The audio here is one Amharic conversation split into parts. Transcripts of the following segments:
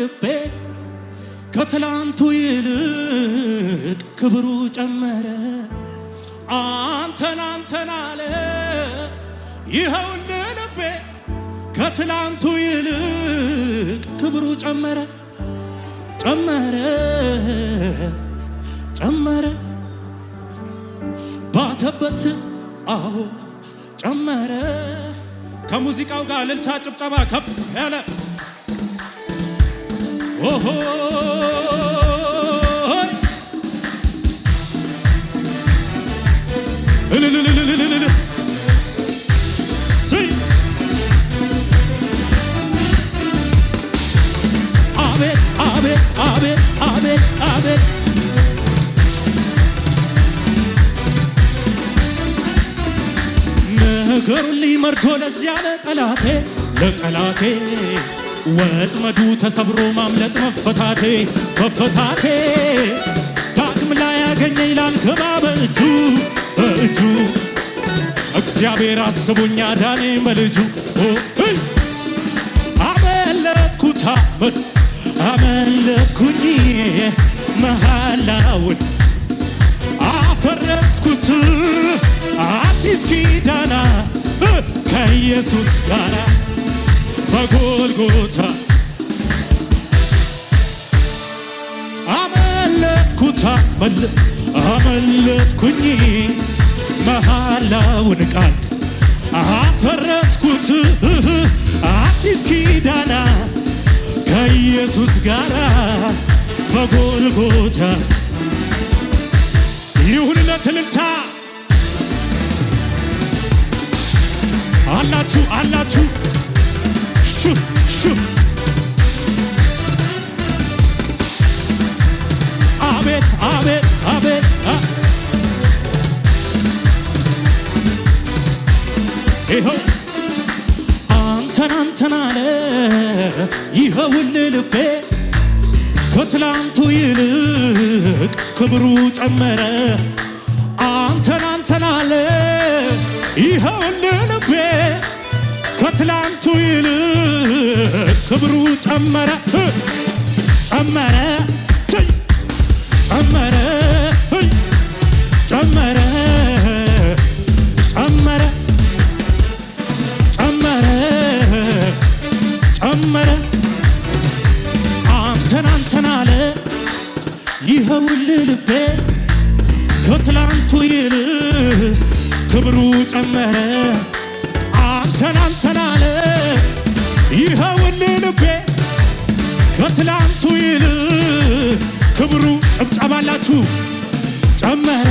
ልቤ ከትላንቱ ይልቅ ክብሩ ጨመረ። አንተን አንተን አለ ይኸውን ልቤ ከትላንቱ ይልቅ ክብሩ ጨመረ ጨመረ ጨመረ ባሰበት አዎ ጨመረ ከሙዚቃው ጋር ልልታ ጭብጨባ ከፍ ያለ Oh, ወጥመዱ ተሰብሮ ማምለጥ መፈታቴ መፈታቴ ዳግም ላይ ያገኘ ይላል ከባ በእጁ በእጁ እግዚአብሔር አስቦኛ ዳኔ በልጁ አመለጥኩት አመድ አመለጥኩኝ መሃላውን አፈረስኩት አዲስ ኪዳና ከኢየሱስ ጋራ በጎልጎታ አመለጥኩታ አመለጥኩኝ መሃላውን ቃል አፈረስኩት አዲስ ኪዳና ከኢየሱስ ጋር በጎልጎታ ይሁንለት እልልታ አላችሁ አላችሁ Şık şık Ahmet Ahmet Ahmet ይኸው አንተን አንተን አለ ይኸውል ልቤ ከትላንቱ ይልቅ ክብሩ ጨመረ አንተን አንተን አለ ይኸውል ልቤ ከትላንቱ ይልቅ ክብሩ ጨመረ ጨመረ ጨመረ ጨመረ ጨመረ ጨመረ ጨመረ አንተን አንተን አለ ይኸውል ልቤ ከትላንቱ ይል ክብሩ ጨመረ አንተን ከትላንቱ ይል ክብሩ ጭብጨባላችሁ ጨመረ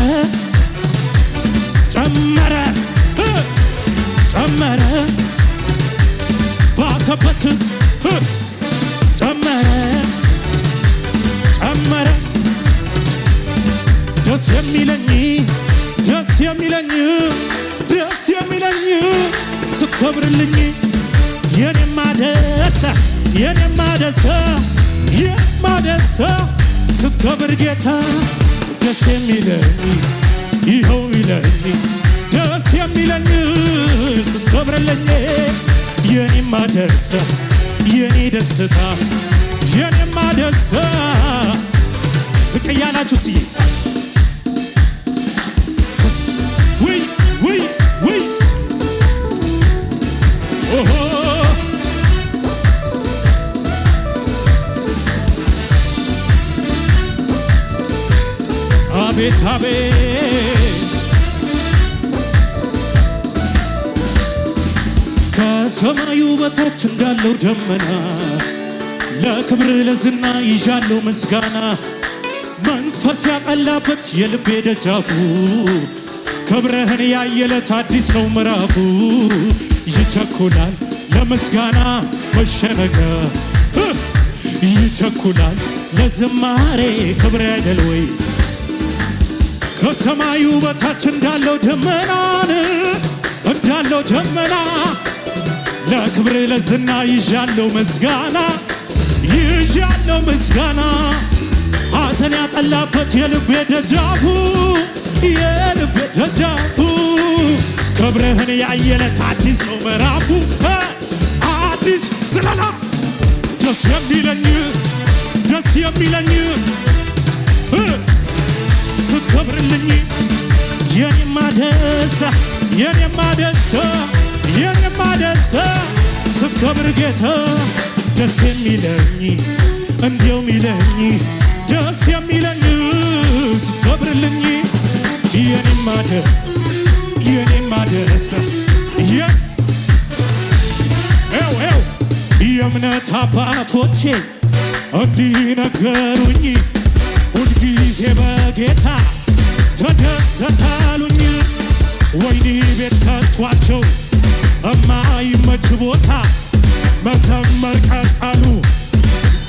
ጨመረ ጨመረ ባሰበት ጨመረ ጨመረ ደስ የሚለኝ ደስ የሚለኝ ደስ የሚለኝ ስትከብርልኝ የኔማ ደስታ የኔማ ደስታ ይህማ ደስታ ስትከብር ጌታ ደስ የሚለኝ ይኸው ይለኝ ደስ የሚለኝ ስትከብርለኝ የኔማ ደስታ የኔ ደስታ የኔማ ደስታ ዝቅ እያላችሁ ስዬ ውይ ውይ ውይ አቤት አቤት ከሰማዩ በታች እንዳለው ደመና ለክብር ለዝና ይዣለው ምስጋና መንፈስ ያጠላበት የልቤ ደጃፉ ክብረህን ያየለት አዲስ ነው ምዕራፉ ይቸኩላል ለምስጋና መሸነገ ይቸኩላል ለዝማሬ ክብረ አይደል ወይ ከሰማዩ በታች እንዳለው ደመናን እንዳለው ደመና ለክብር ለዝና ይዣለው ምስጋና ይዣለው ምስጋና ሐዘን ያጠላበት የልቤ ደጃፉ የልቤ ደጃፉ ክብርህን ያየለት አዲስ ነው ምዕራፉ አዲስ ስለላ ደስ የሚለኝ ደስ የሚለኝ አክብርልኝ የኔማ ደስታ የኔማ ደስታ የኔማ ደስታ ስትከብር ጌታ ደስ የሚለኝ እንዲው ሚለኝ ደስ የሚለኝ ስትከብርልኝ የኔማ ደ የኔማ ደስታ የእምነት አባቶቼ እንዲህ ነገሩኝ ሁልጊዜ በጌታ ተደሰታሉኝ ወይኒ ቤት ከቷቸው እማይመች ቦታ መዘመር ቀጠሉ።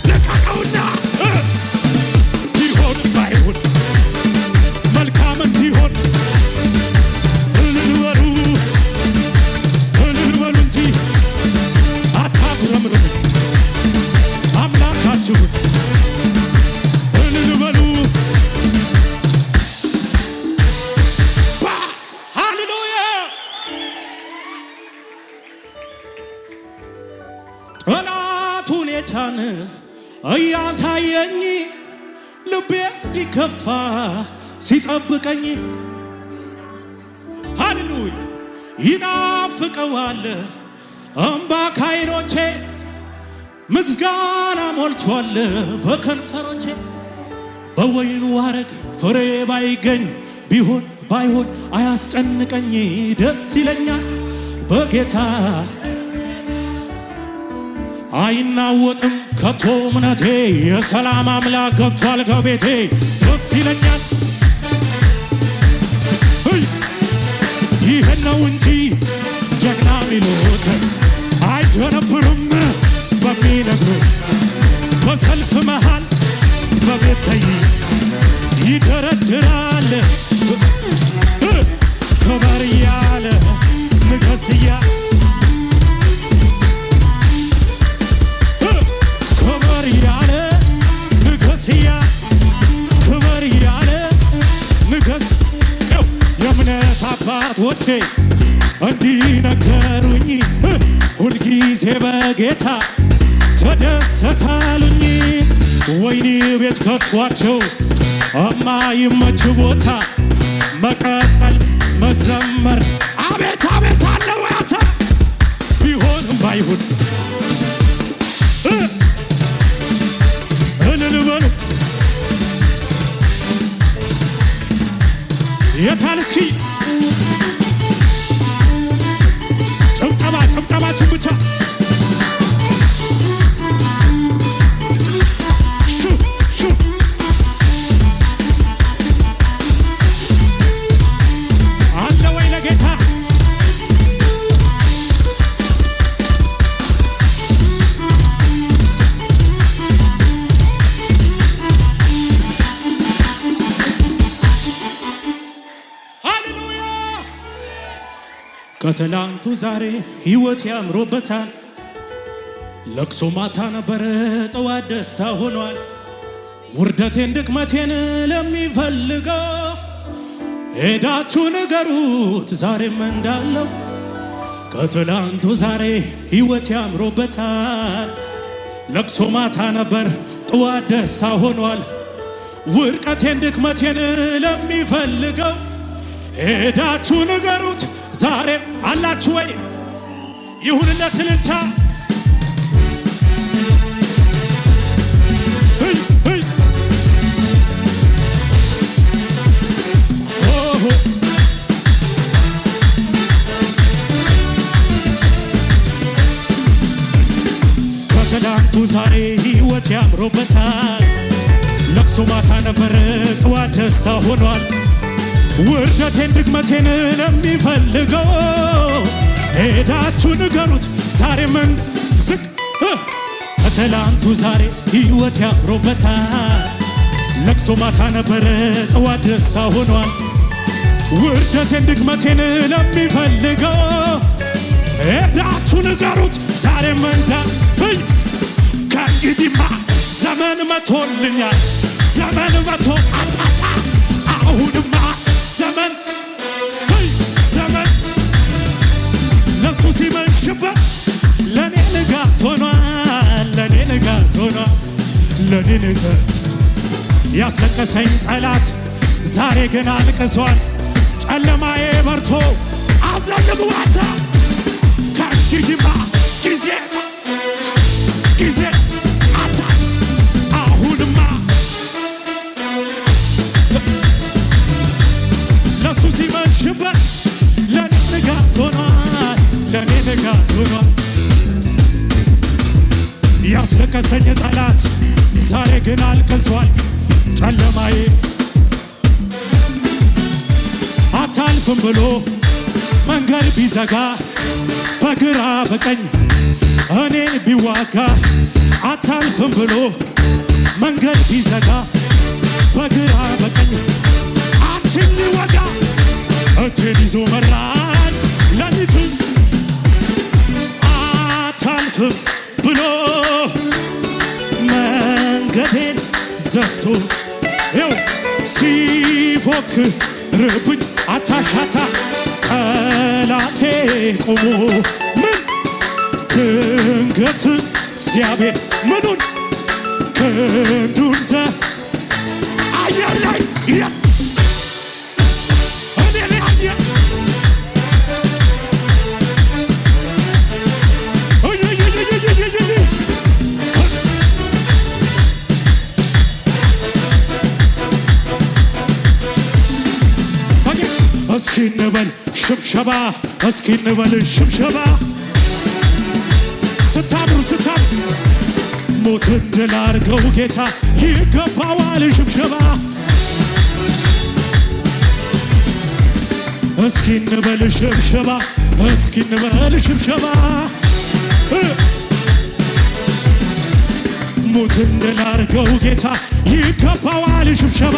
ለቀቀውና ቢሆን ባይሆን መልካም እንዲሆን እልል በሉ እልል በሉ እንጂ አታጉረምርሙ አምላካችሁን እያሳየኝ ልቤ እንዲከፋ ሲጠብቀኝ ሃሌሉያ ይናፍቀዋል እምባ ካይኖቼ ምስጋና ሞልቷል በከንፈሮቼ በወይኑ አረግ ፍሬ ባይገኝ ቢሆን ባይሆን አያስጨንቀኝ ደስ ይለኛል በጌታ አይናወጥም ከቶ እምነቴ የሰላም አምላክ ገብቷል ከቤቴ ደስ ይለኛል ይህን ነው እንጂ ጀግና ሚሎት አይደነብርም በሚነግር በሰልፍ መሃል በቤተይ ይደረድራል ወዳጆቼ እንዲነገሩኝ ሁልጊዜ በጌታ ተደሰታሉኝ። ወይኒ ቤት ከቷቸው እማይመች ቦታ መቀጠል መዘመር አቤት አቤት አለውያተ ቢሆንም ባይሁን እልል በሉ የታል ትላንቱ ዛሬ ህይወት ያምሮበታል። ለቅሶ ማታ ነበረ፣ ጠዋት ደስታ ሆኗል። ውርደቴን ድክመቴን ለሚፈልገው ሄዳችሁ ንገሩት ዛሬም እንዳለው ከትላንቱ ዛሬ ህይወት ያምሮበታል። ለቅሶ ማታ ነበር፣ ጠዋት ደስታ ሆኗል። ውድቀቴን ድክመቴን ለሚፈልገው ሄዳችሁ ንገሩት ዛሬም አላችሁ ወይ? ይሁንና ትልልታ ከትላንቱ ዛሬ ህይወት ያምሮበታል። ለቅሶ ማታ ነበረ፣ ጠዋት ደስታ ሆኗል። ውርደቴን ድግመቴን ለሚፈልገው ሄዳችሁ ንገሩት ዛሬ ምን ዝቅ ከትላንቱ ዛሬ ህይወት ያምሮበታል። ለቅሶ ማታ ነበረ ጠዋት ደስታ ሆኗል። ውርደቴን ድግመቴን ለሚፈልገው ሄዳችሁ ንገሩት ዛሬ መንዳ ከእንግዲማ ዘመን መቶልኛል ዘመን መቶ አጫጫ ያለሽበት ለኔ ንጋት ሆኗል፣ ንጋት ሆኗል፣ ንጋት ያስለቀሰኝ ጠላት ዛሬ ግን አልቅሷል። ጨለማዬ በርቶ ከእንግዲህማ ጊዜ ጊዜ ብሎ መንገድ ቢዘጋ በግራ በቀኝ እኔን ቢዋጋ አታልፍም ብሎ መንገድ ቢዘጋ በግራ በቀኝ አንቺን ሊወጋ እጄን ይዞ መራኝ ለሊቱን አታልፍም ብሎ መንገዴን ዘግቶ ይኸው ሲፎክርብኝ አታሻታ ጠላቴ ቆሞ ምን ድንገት እግዚአብሔር ምኑን ክንዱን ዘ አየር ላይ እንበል ሽብሸባ፣ እስኪ እንበል ሽብሸባ። ስታምሩ ስታምሩ ሞትን ድል አድርገው ጌታ ይገባዋል ሽብሸባ። እስኪ እንበል ሽብሸባ፣ እስኪ እንበል ሽብሸባ። ሞትን ድል አድርገው ጌታ ይገባዋል ሽብሸባ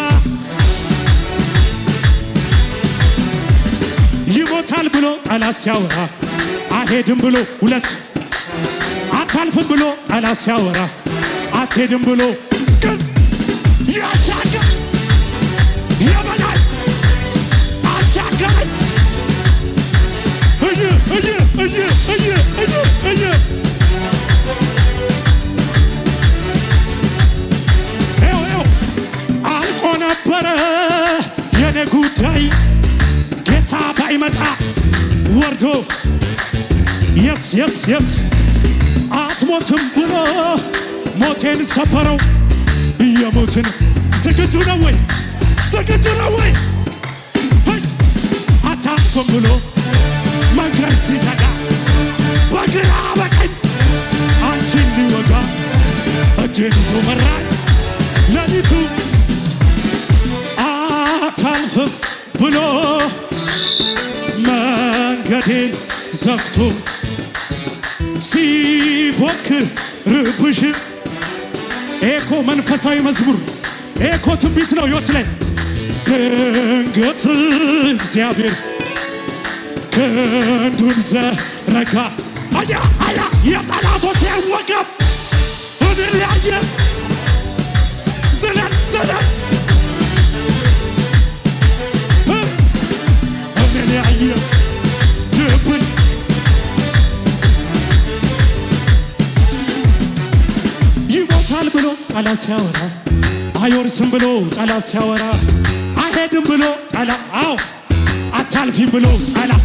ይመጣል ብሎ ጠላት ሲያወራ አልሄድም ብሎ ሁለት አታልፍም ብሎ ጠላት ሲያወራ አትሄድም ብሎ ግን ያሻገር የበላይ አሻገረኝ አልቆ ነበረ የኔ ጉዳይ ጌታ ባይመጣ ወርዶ የስ የስ የስ አትሞትም ብሎ ሞቴን ሰበረው። እየሞትን ዝግጁ ነው ወይ? ዝግጁ ነው ወይ? አታንኩም ብሎ መንገድ ሲዘጋ በግራ በቀኝ አንቺን ሊወጋ እጄን ይዞ መራኝ ለሊቱ አታልፍም ብሎ መንገዴን ዘግቶ ሲፎክርብሽ ኤኮ መንፈሳዊ መዝሙር ኤኮ ትንቢት ነው። ሕይወት ላይ ድንገት እግዚአብሔር ክንዱን ዘረጋ። አያ አያ የጠላቶች ወገብ እድል ያየ ዝለን ዝለን እድል ያየ ጠላት ሲያወራ አይወርስም ብሎ ጠላ ሲያወራ አይሄድም ብሎ ጠላት አዎ አታልፊም ብሎ ጠላት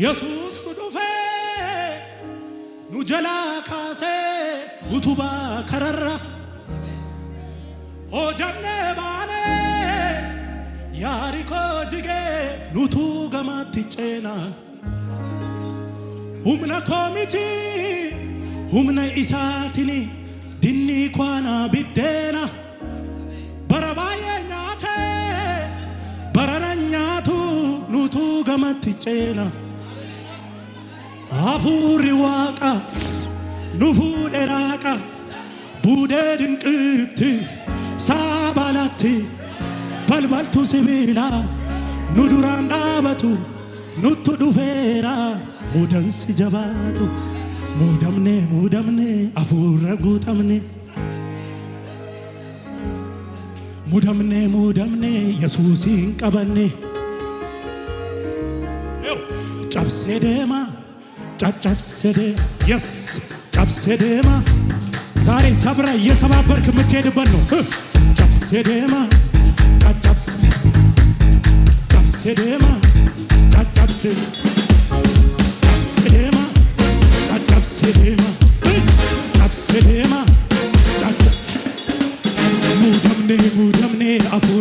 የሱስ ኩዱፌ ኑጀላ ካሴ ውቱባ ከረራ ሆጀነ ባኔ ያሪኮ ጅጌ ኑቱ ገማትቼና ሁምነ ኮሚቲ ሁምነ ኢሳቲኒ ድኒ ኳና ቢዴና በረባየኛቴ በረነኛቱ ኑቱ ገማትቼና አፉሪ ዋቃ ኑፉ ራቃ ቡደ ድንቅት ሳባላት በልባልቱ ሲቢላ ኑዱራን ዳበቱ ኑቱ ዱፌራ ሙደንስ ሲጀባቱ ሙደምኔ ሙደምኔ አፉረ ጉጠምኔ ሙደምኔ ሙደምኔ የሱሲን ቀበኔ ጨብሴ ደማ ጨጨብስድ የስ ዛሬ ሰብረ እየሰባበርክ የምትሄድበት ነው። ጨብስድማ ጨጨብስ ጨብስድማ ጨጨብስ ጨብስድማ ጨጨብስድማ ጨብስድማ ጨጨ ሙተምኔ ጉተምኔ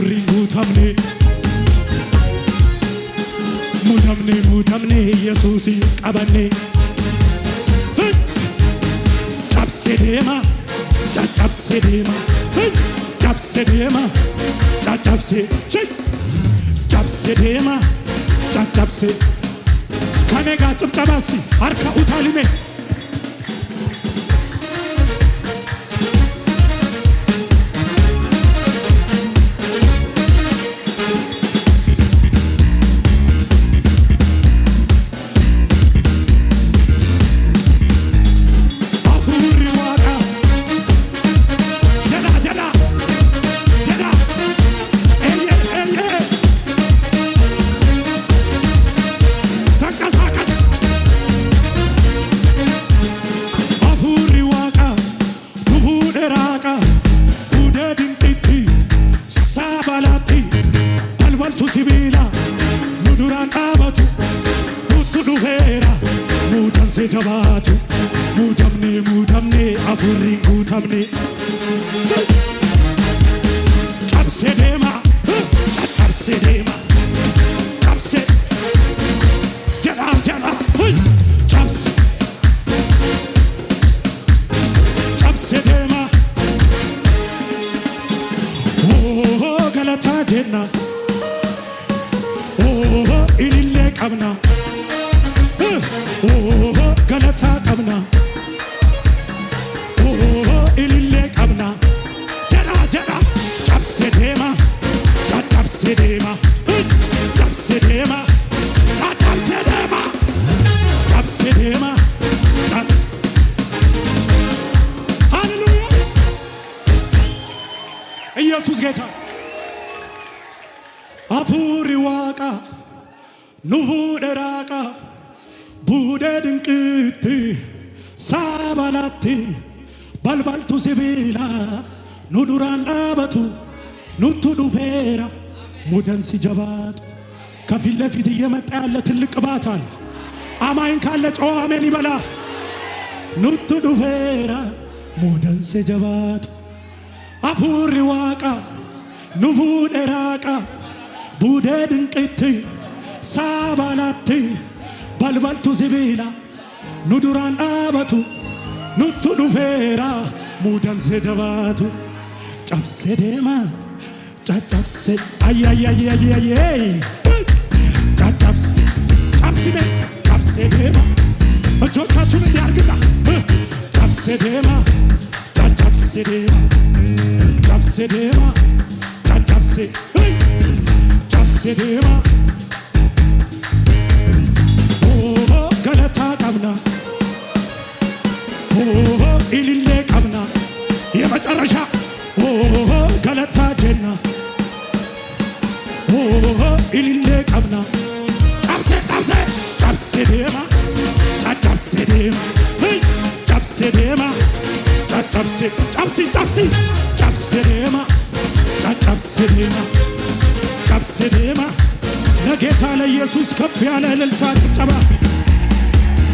ቀምኔ ሙተምኔ ኢየሱስ ቀበኔ ጨብሴ ዴማ ጨጨብሴ ዴማ ጨብሴ ዴማ ጨጨብሴ ጨብሴ ዴማ ጨጨብሴ ከኔ ጋር ጭብጨባሲ አርካ ኡታሊሜ Sim. ንሁ ደራቃ ቡደ ድንቅት ሳባላት ባልባልቱ ሲቢላ ኑዱራን ዳበቱ ኑቱ ዱፌራ ሙደን ሲጀባጡ ከፊት ለፊት እየመጣ ያለ ትልቅ ቅባት አለ። አማይን ካለ ጨዋሜን ይበላ ኑቱ ዱፌራ ሙደን ሲጀባጡ አፉሪ ዋቃ ንፉ ደራቃ ቡደ ድንቅት ሳባላት ባልባልቱ ዝቢላ ኑዱራን አበቱ ኑቱ ዱፌራ ሙዳንሴ ጀባቱ ጨብሴ ደማ ጨጨብሴ አያያያያየ ጨጨብሴ ጨብሲሜ ጨብሴ ደማ እጆቻችሁን እንዲያርግና ጨብሴ ደማ ጨጨብሴ ደማ ጨብሴ ደማ ጨጨብሴ ጨብሴ ደማ ኢሊሌ ቀብና የመጨረሻ ገለታ ጀና ኢሊሌ ቀብና ጨብሴ ጨብሴ ጨብሴ ደማ ጨጨብሴ ደማ ጨብሴ ደማ ጨጨብሴ ጨብሲ ጨብሲ ጨብሴ ደማ ጨጨብሴ ደማ ጨብሴ ደማ ለጌታ ለኢየሱስ ከፍ ያለ እልልታ ጭብጨባ